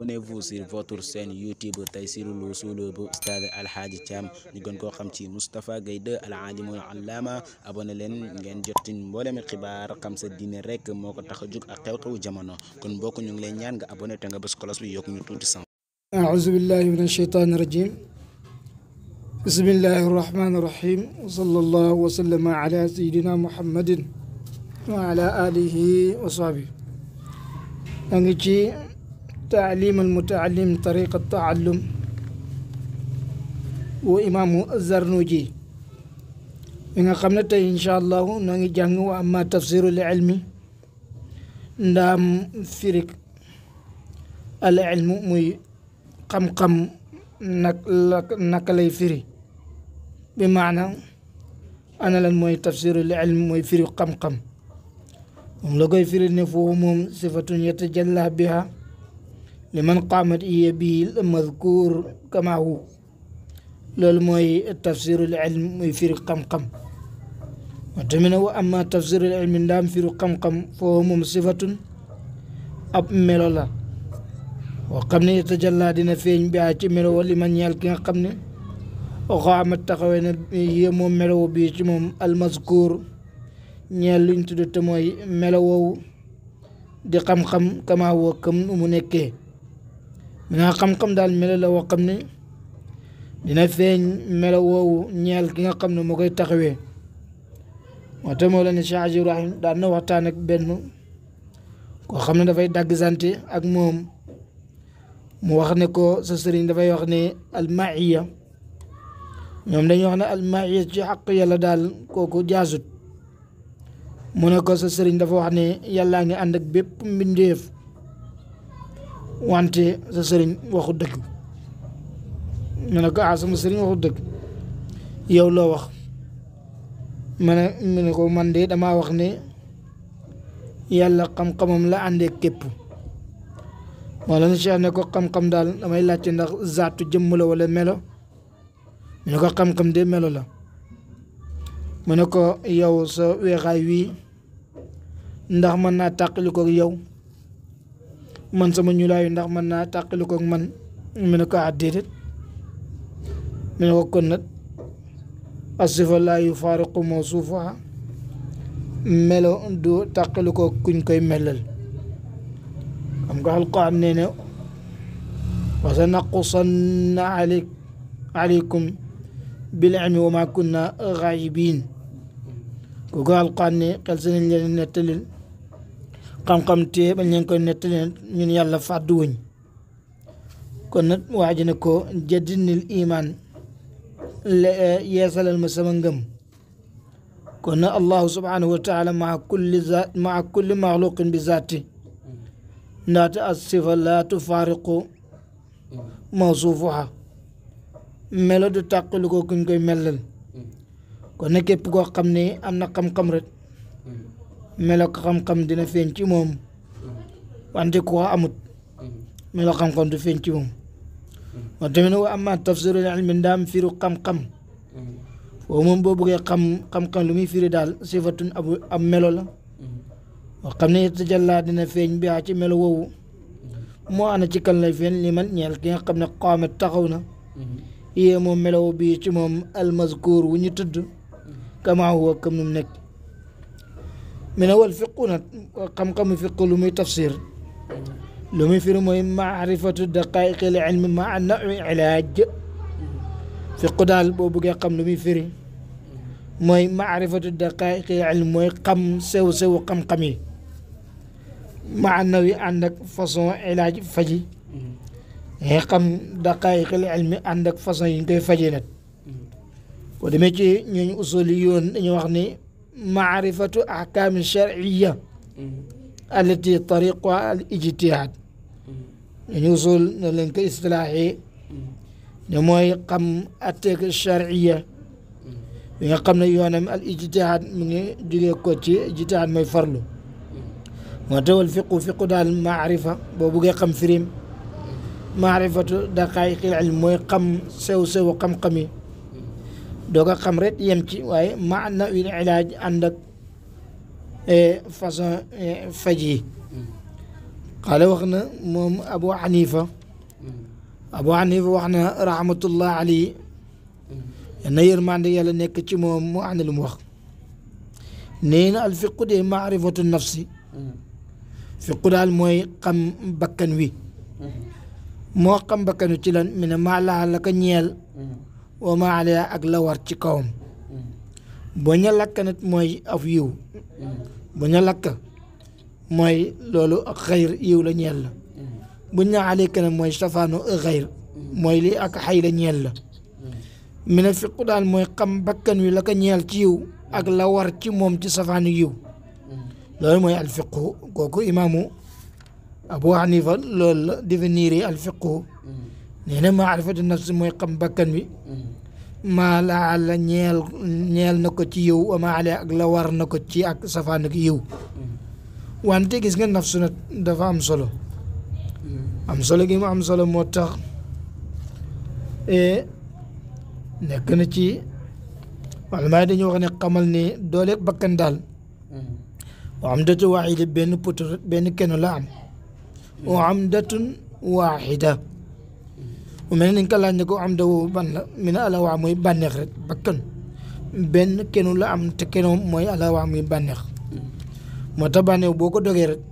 Abonnez-vous sur votre chaîne YouTube Taysiroul Wousoul bu Al Hadji Thiam ñu gën koo xam ci Moustapha Gueye Al al alimul allama abonné leen ngeen jotin mboolemi xibaar xam sa diine rek moo ko tax a jóg ak xew-xewu jamono kon mbokk ñu ngi lay ñaan nga abonné te nga bés kolos bi yokk ñu tuuti san أعوذ بالله من الشيطان الرجيم بسم الله الرحمن الرحيم وصلى الله وسلم على سيدنا محمد وعلى آله وصحبه تعليم المتعلم طريق التعلم وإمام الزرنوجي إن قمنا إن شاء الله نجعل أما تفسير العلم نام فريق العلم مي قم قم نك نكلي فري بمعنى أنا لن مي تفسير العلم مي فريق قم قم لغوي فري نفهم صفة يتجلى بها لمن قامت هي به المذكور كما هو للموي التفسير العلم في رقم قم وتمنى أما تفسير العلم دام في رقم قم فهو صفة أب ملولا وقمنا يتجلى دين فين بأتي ملو لمن يلقين قمنا وقام التقوين هي ملو بيتمم المذكور نيالين تدتموي ملو دي قم قم كما هو كم نمونيكي mina xam-xam daal melo la woo xam ne dina feeñ melo woowu ñeel ki nga xam ne moo koy taxawee waxte moo la ne Cheikh Hadji Ibrahim daan na waxtaan ak benn koo xam ne dafay dagg sante ak moom mu wax ne ko sa sëriñ dafay wax ne almaiya ñoom dañuy wax ne almaiya ci xaq yàlla daal kooku jaasut mu ne ko sa sëriñ dafa wax ne yàllaa ngi ànd ak bépp mbindeef wante sa sëriñ waxu dëgg mu ne ko ah sama sëriñ waxu dëgg yow loo wax mu ne mu ne ko man de damaa wax ne yàlla xam-xamam la àndee képp wala na cheikh ne ko xam-xam daal damay laajte ndax zaatu jëmm la wala melo mu ko xam-xam de melo la mu ne ko yow sa weexaay wii ndax mën naa tàqali ko yow man sama ñulaayu ndax mën naa tàqali koog man mu ne ko ah déedéet mu ne ko kon nag asifa laa yu faariqu mawsuufaha melo du tàqali koog kuñ koy melal xam nga alquraan nee ne wa sanaqusanna alay alaykum bil ilmi wa ma kunna gaayibin kooku alquraan ne xel si nañ leen nettalil xam-xam téye ba ñu ngi koy nettali ñun yàlla fàdduwuñ kon nag waa ji ne ko jadinil iman yeesalal ma sama ngëm kon nag allahu subhanahu wa taala maa kulli zaat maa kulli maxluqin bi zaati ndaate as sifa laa tufaariqu mawsuufuha melo du tàqalu ko kuñ koy mellal kon nag képp koo xam ne am na xam-xam rek meloog xam-xam dina feeñ ci moom wante ku ko amut meloog xam-xam du feeñ ci moom wante tamit wa amma tafsirul ilmi ndaam firu xam-xam foofu moom boo bëggee xam xam-xam lu muy firi daal sifatun ab ab melo la wax xam ne tajalla dina feeñ bi ci melo woowu moo ana ci kan lay feeñ li man ñeel ki nga xam ne xaamet taxaw na yée moom melo bii ci moom almazkur wu ñu tudd kama huwa kam nu mu nekk من هو الفقهون قم قم فقه لومي تفسير لومي في رمي معرفة الدقائق العلم مع النوع علاج في قدال بوبو قم لومي فيري موي معرفة الدقائق العلم موي قم سو سو قم قمي مع النوع عندك فصون علاج فجي هي قم دقائق العلم عندك فصون كيف فجينت ودمجي نيو أصوليون نيو أغني معرفة أحكام الشرعية التي طريقها الاجتهاد يعني وصول لنك إصلاحي نموي قم أتيك الشرعية ويقم نيوانا الاجتهاد من جلية كوتي اجتهاد ما يفرلو ما تول فقه فقه دال المعرفة بوبوغا قم فريم معرفة دقائق العلم ويقم سو سو قم قمي doo ko xam rek yem ci waaye maanawi ilaaj ànd ak façon faj yi qaala wax na moom abu xanifa abu xanifa wax na rahmatullah alayhi na yërmande yàlla nekk ci moom mu ànd lu mu wax nee na al fiqu dee maarifatu nafsi fiqu daal mooy xam bakkan wi moo xam bakkan wi ci lan mi ne maa laal la ko ñeel وما عليا اك لوار سي كوم بو لاك نت موي اف يو بو لاك موي لولو خير يو لا نيل بو عليك نت موي صفانو خير موي لي اك حي لا نيل من في قدال موي قام بكن وي لاك نيل تي يو اك لوار تي موم تي صفانو يو لول موي الفقه كوكو امامو ابو حنيفه لول ديفينيري الفقه nee na maarifatu nafsi mooy xam bakkan bi mm-hmm. maa la la ñeel ñeel na ko ci yow ama ale ak la war na ko ci ak safaan ak yow mm-hmm. wante gis nga nafsu nag dafa am solo mm-hmm. am solo gi am solo moo tax e, nekk na ci wala maay dañu wax ne xamal ni doole bakkan daal am datu waaxida benn poto benn kenn la am am datun waaxida mu mel nañ ko laaj ne ko am dawoo ban la mi ne alawaa mooy bànneex rek bakkan benn kenu la am te kenoom mooy alawaa muy bànneex moo tax bànneex boo ko dogee rek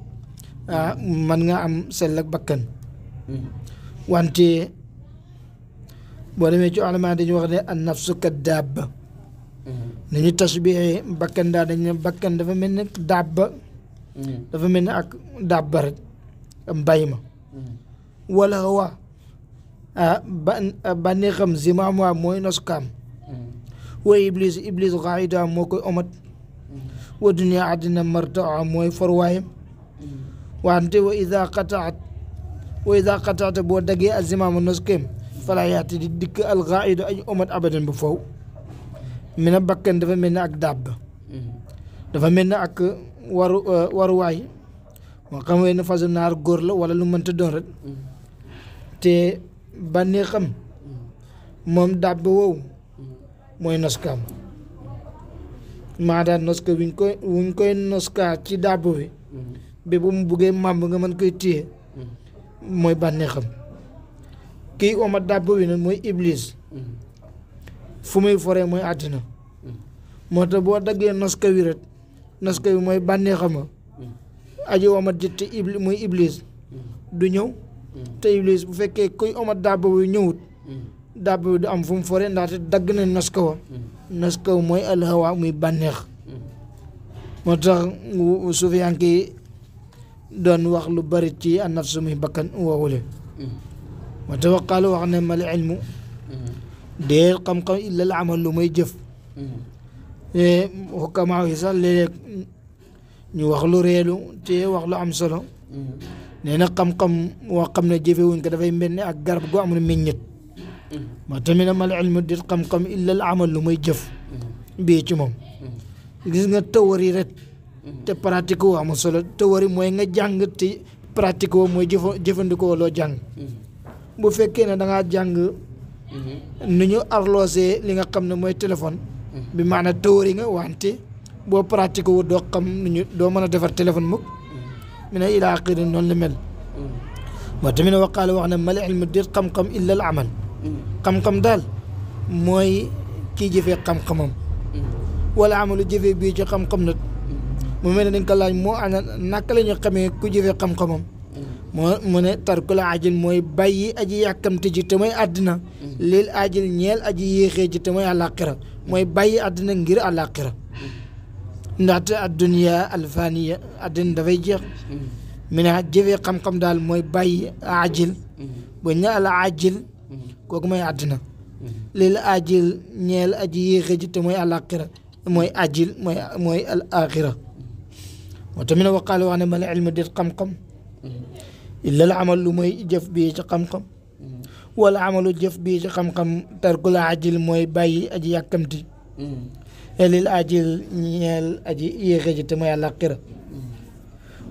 ah mën nga am sell ak bakkan wante boo demee ci alamaa dañu wax ne an nafsu ka daaba nañu tasbixee bakkan daa dañ ne bakkan dafa mel ne daaba dafa mel ne ak daaba rek mbay ma wala waa ba neexam zima moi mooy nos kaam wa iblis iblis xaayida moo koy omat wa dunia àddina martaa mooy forwaayam wante wa ida qataat wa ida qataata boo dagee azimaama noskeem fala yaati di dikk alxaaidu añ omat abadan bu faw mi na bakkan dafa mel ak dàbb dafa mel ne ak waru waruwaay moo xam ne façon naar góor la wala lu mënta doon rek te bànneexam moom dàbb wow mooy noskaam maanaam noska wuñ koy wuñ koy noskaa ci dàbb bi bi bu mu buggee màmb nga mën koy téye mooy bànneexam kii oma dàbb bi nag mooy iblis muy foree mooy àddina moo tax boo daggee noska wi rek noska wi mooy bànneexama aji oma jëtt ibli mooy iblis du ñëw Mm. te Iblis bu fekkee kuy omat daaba yu ñëwut mm. daaba yu du am fu mu fore dagg na nos ko wa mm. nos ko mooy alhawa muy bànneex moo tax suufiyank yi wax lu bari ci annafsu muy bakkan woowule moo tax waqaalu wax ne mal ilmu dee xam-xam illa al amal lu may jëf xukamaa eh, yi sax léeg-léeg ñu wax lu reelu te wax lu am solo nee na xam-xam woo xam ne jëfewuñ ko dafay mel ni ak garab gu amul miññit ma mm-hmm. tamit na mal ilmu dit xam-xam illa al amal lu muy jëf mm-hmm. bii ci moom mm-hmm. gis nga tawari rek te pratique woo amul solo tawari mooy nga jàng te pratique woo mooy jëfa jëfandikoo loo jàng bu fekkee ne dangaa jàng nu ñu arloosee li nga xam ne mooy téléphone bi maanaam tawari nga wante boo pratique wu doo xam nu ñu doo mën a defar téléphone mukk من إلى عقير النون لمل وتمنى وقال وعنا ملع المدير قمقم إلا العمل قمقم دال موي كي جفي قمقم والعمل جفي بيجي قمقم نت ممن إنك الله مو أنا نكلي نقمي كي جفي قمقم من ترك العجل موي باي أجي يحكم تجي تموي أدنى للعجل نيل أجي يخي جي تموي على قرى موي باي أدنى غير على قرى ndaxte addunia alfaniya addina dafay jeex mi ne jëfee xam-xam daal mooy bàyyi ajil ba ñu al ajil kooku mooy àddina lil ajil ñeel aji yéexe ji te mooy alaqira mooy ajil mooy mooy al axira moo tamit ne waqaale wax ne mal ilmu dit xam-xam illa al amal lu mooy jëf bii ci xam-xam wala amalu jëf bii ci xam-xam tarkul ajil mooy bàyyi aji yàkkamti هلي الأجيل نيل أجي إيه غيجي تمو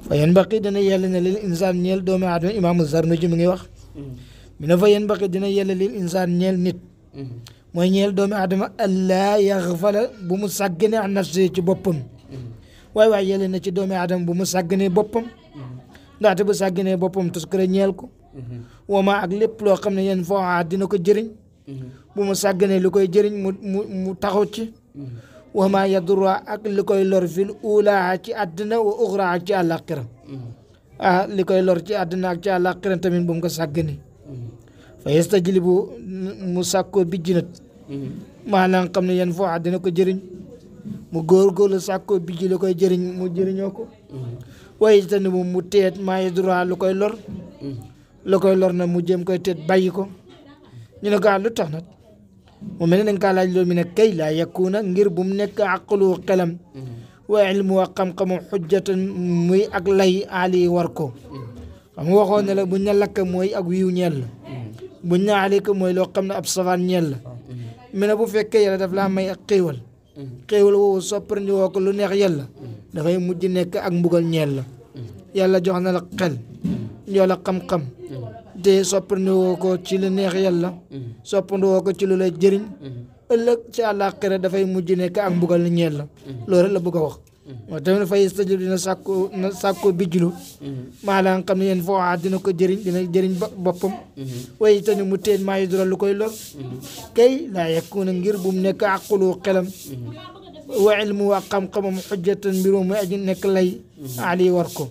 فين بقي دنا يالنا للإنسان نيل دوم عدو إمام الزرنجي مني وخ من فين بقي دنا يالنا للإنسان نيل نت مو نيل دوم عدو ألا يغفل بمساقنا عن نفسي جبوبم واي واي يالنا دوم عدو بمساقنا بوبم داتي بساقنا بوبم تسكري نيلكو وما أغلب لو خمنا ينفع عدنا كجرين بمساقنا لكو يجرين مو تخوتي wa ma yadurra ak li koy lor fil ulaa ci àddina wa uxra ak ci àllaaxira mm-hmm. ah li koy lor ci àddina ak ci àllaaxira tamit bu mu ko sàggani fa yastajlibu mu sàkkoo bijjinat mm-hmm. maanaam xam ne yan foo ko jëriñ mu góorgóorlu sàkkoo bijji li koy jëriñ mu jëriñoo ko mm-hmm. waaye tamit mu teet maa yadurra lu koy lor lu koy lor na mu jëm koy teet bàyyi ko ñu ne ko ah, lu tax ومن ان قال له من كي لا يكون غير بمنك عقل وقلم وعلم وقم قم حجة مي أقلي علي وركو قم وخون لك بنا لك موي أقويو نيال بنا عليك موي لو قمنا أبصفان نيال من أبو فكي يلا دفلا مي أقيوال قيوال وو صبر نيو وكلو نيخ يلا دفاي مجي نيك أقمبوغل نيال يلا جوانا لقل نيو لقم قم te soppandoo ko ci lu neex yàlla mm-hmm. soppandoo ko ci lu jëriñ mm-hmm. ëllëg ci àllaaxira dafay mujj nekk am mbugal ni ñeel la mm-hmm. loolu la bëgg a wax moo tamit fay istajib dina sàkko na sàkko bijjlu maanaam xam ne yéen foo aat dina ko jëriñ dina jëriñ boppam way tani mu teen maa yi lu koy lor kay laa yakuna ngir bu mu nekk àqulu xelam wa ilmu wa xam-xamam xujjatan mbir moom muy aji nekk lay ali war ko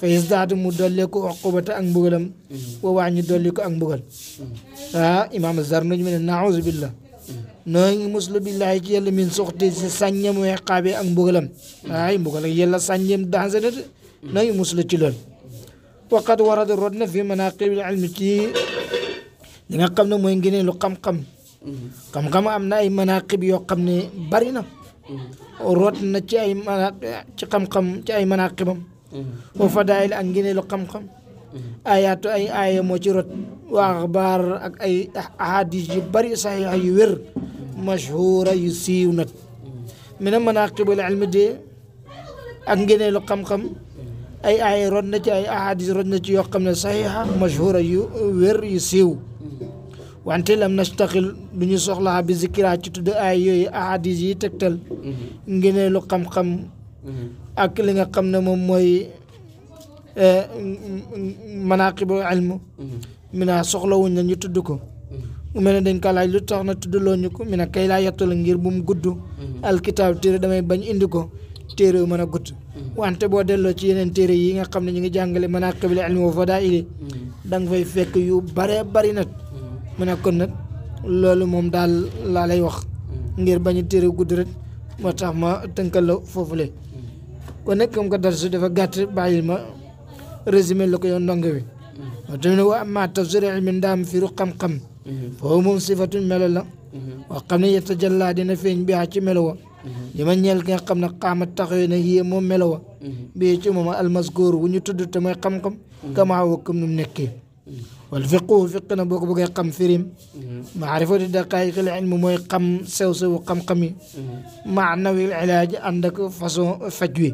فيزداد مدلك عقوبة أن بغلم ووعني دلك أن بغل إمام الزرنج من نعوذ بالله نعي مسلم بالله يلا من سخط سنجم ويقاب أن بغلم أي بغل يلا سنجم دانزل نعي مسلم تلال وقد ورد ردنا في مناقب العلم كي لنا قمنا موينجيني لو قم قم قم قم أمنا أي مناقب يقمني برينا ورتنا تي اي مناقب تي قم قم تي اي مناقبم وفضائل ان غيني لو ايات اي ايه مو تي واخبار اي احاديث بري صحيح اي وير مشهوره يسيون من مناقب العلم دي ان غيني لو اي اي رون اي احاديث رون نتي يو خمنا صحيحه مشهوره يو يسيو وانت لم نشتغل دوني سوخلاها بذكرها تي اي احاديث يتكتل غيني لو خم ak li nga xam ne moom mooy eh, manaqibu ilmu mm-hmm. mina soxlawuñ na ñu tudd ko mm-hmm. mu mel ne dañ ko laaj lu tax na tuddloo ñu ko mi ne kay laa yettul ngir bu gudd mm-hmm. alkitaab téere damay bañ indi ko téere yu mën a gudd wante boo delloo ci yeneen téere yi nga xam ne ñu ngi jàngale manaqibul ilmi wa fadaili da nga fay fekk yu bare bari nag mu ne kon nag loolu moom daal laa lay wax ngir bañ a téere gudd rek moo tax ma tënkal la foofule kon nag comme que darsu dafa gàtt bàyyil ma résumé la ko yow ndongo wi moo tamit nag wa amma tafsir ilmi ndaam firu xam-xam foofu moom sifatun melo la wax xam ne yatajalla dina feeñ bi ci melo wa li ma ñeel ki nga xam ne xaamat taxawee na yiyee moom melo wa bi ci moom almasgoor wu ñu tudd te mooy xam-xam kama wa comme nu mu nekkee والفقه فقنا بوك بوك قم ثريم معرفة الدقائق العلم مو قم سو سو قم قمي معنوي العلاج عندك فصو فجوي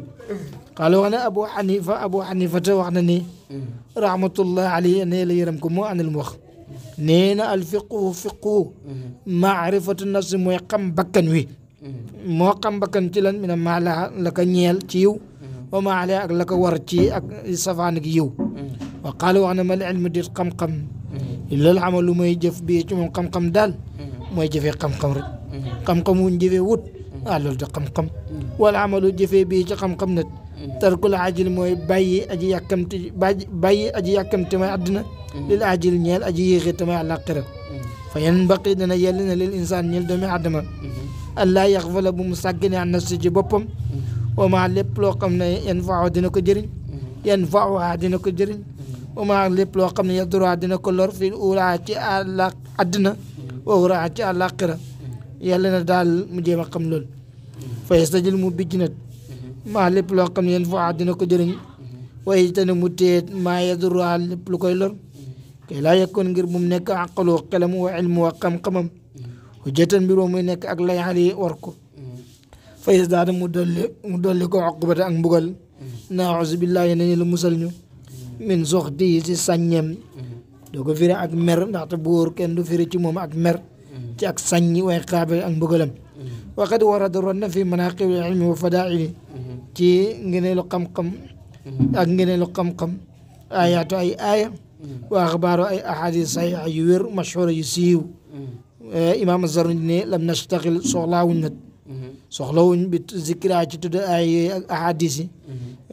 قالوا أنا أبو حنيفة أبو حنيفة وعنني رحمة الله عليه أن يرمكم عن المخ نين الفقه فقه معرفة النفس مو قم بكنوي مو قم بكن تلن من ما لك نيل تيو وما عليه لك ورتي أك صفانك يو وقال وانا ما العلم دير قم قم الا العمل ما يجف بي من قم قم دال ما يجف قم قم رك قم قم ونجف ود قال له قم قم والعمل يجف بي قم قم نت ترك العاجل موي باي اجي يكم باي اجي يكم تما عندنا للعاجل نيل اجي يغيت ما على قرب فينبقي لنا يلنا للانسان نيل دمي عدم الا يغفل ابو مسكن عن نسج بوبم وما لب لو قمنا ينفعو دينكو جيرين ينفعو عادينكو جيرين oma lépp loo xam ne ya droit dina ko lor fi ura ci àlla àddina wa ura ci àllaaxira yàlla na daal mu jéem a xam loolu fa yastajil mu bijjinat maa lépp loo xam ne yéen fa dina ko jëriñ waaye te ne mu téye maa ya droit lépp lu koy lor kay laa ngir mu nekk àqaloo xelam wa ilmu muy nekk ak lay xale yi war ko mu dolli mu dolli ko uqubata ak mbugal naa auzu billaahi nañu la musal ñu min sox di si saññeem doo ko firi ak mer ndaxte buur kenn du firi ci moom ak mer ci ak saññi way xaabe ak mbëgalam waqad warada ron na fi manaqibil ilmi wa fadaili ci ngeneelu xam-xam ak ngeneelu xam-xam ayaatu ay aaya wa axbaaru ay ahadis saxiixa yu wér mashhuura yu siiw imaam Zarnuji ne lam nastaxil soxlaawuñ nag soxlawuñ bi zikra ci tudd ay yooyu ak ahadis yi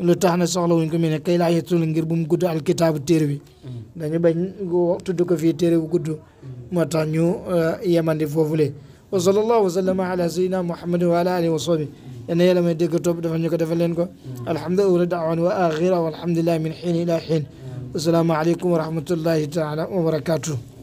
lu taax na soxla wuñ ko mu ne kay laa yetul ngir bu mu gudd alkitaabu téere bi mm. dañu bañ tudd ko fii téere bu gudd mm. moo tax ñu uh, yemandi foofule foofu sallallahu wa sallama ala sayyidina muhammadin wa ala alihi wa sahbi mm. yena yàlla may dégg topp dafa ñu ko defal leen ko alhamdu awla daawan wa axira walhamdulillahi min xiin ila xiin wasalaamu aleykum wa rahmatullahi taala wa barakatuh